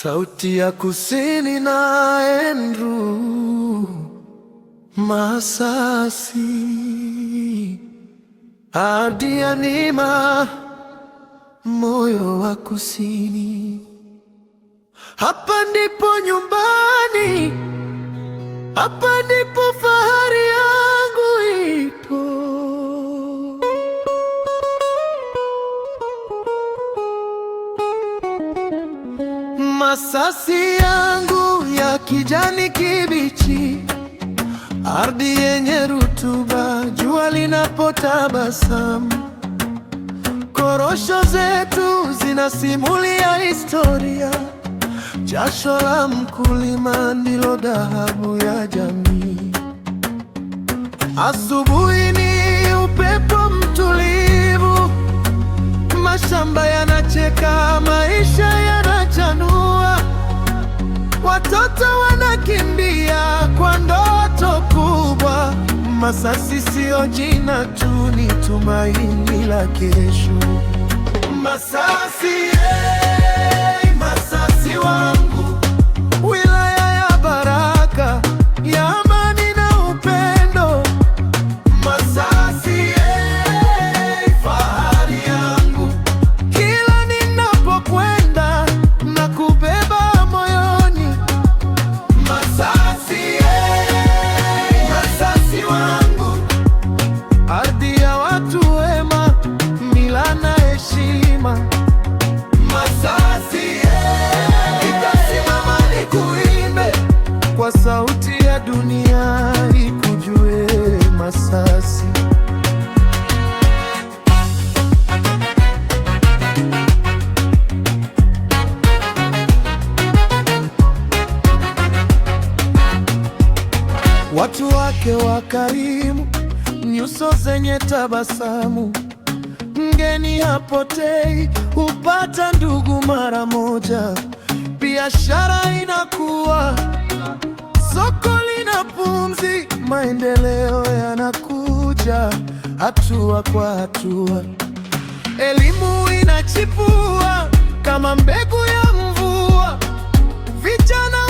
Sauti ya Kusini na Andrew Masasi, Adia Nima, moyo wa Kusini. Hapa ndipo nyumbani, hapa ndipo masasi yangu ya kijani kibichi, ardhi yenye rutuba, jua linapotabasamu. Korosho zetu zinasimulia historia, jasho la mkulima ndilo dhahabu ya jamii. Asubuhi ni upepo mtulivu, mashamba yanacheka maisha Watoto wanakimbia kwa ndoto kubwa. Masasi siyo jina tu, ni tumaini la kesho. Masasi, hey, Masasi wangu. watu wake wakarimu, nyuso zenye tabasamu. Mgeni hapotei, hupata ndugu mara moja. Biashara inakuwa, soko lina pumzi, maendeleo yanakuja hatua kwa hatua. Elimu inachipua kama mbegu ya mvua, vijana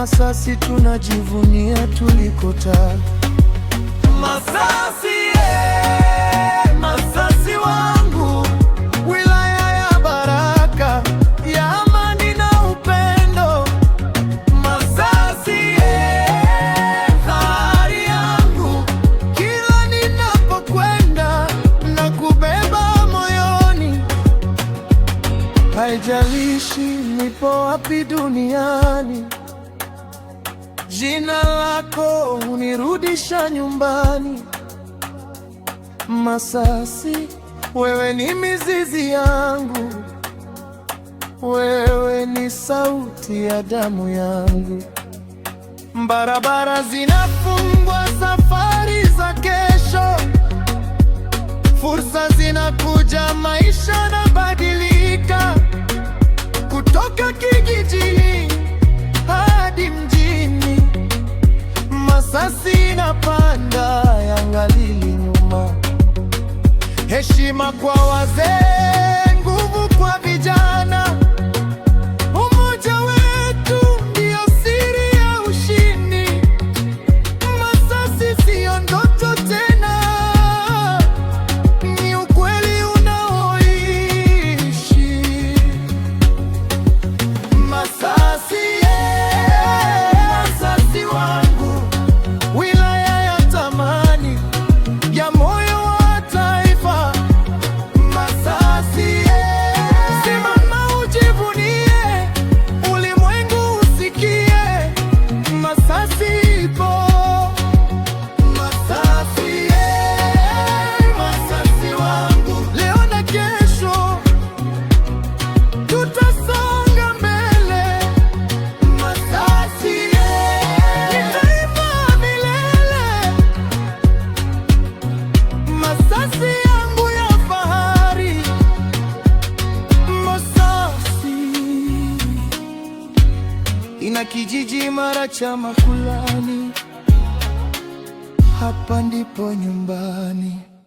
Masasi tunajivunia tulikotoka. Masasi, yeah, Masasi wangu, wilaya ya baraka ya amani na upendo. Masasi, yeah, fahari yangu, kila ninapokwenda na kubeba moyoni, haijalishi nipo wapi duniani Jina lako hunirudisha nyumbani. Masasi, wewe ni mizizi yangu, wewe ni sauti ya damu yangu. Barabara zinafungwa heshima kwa wazee. kijiji mara cha Makulani, hapa ndipo nyumbani.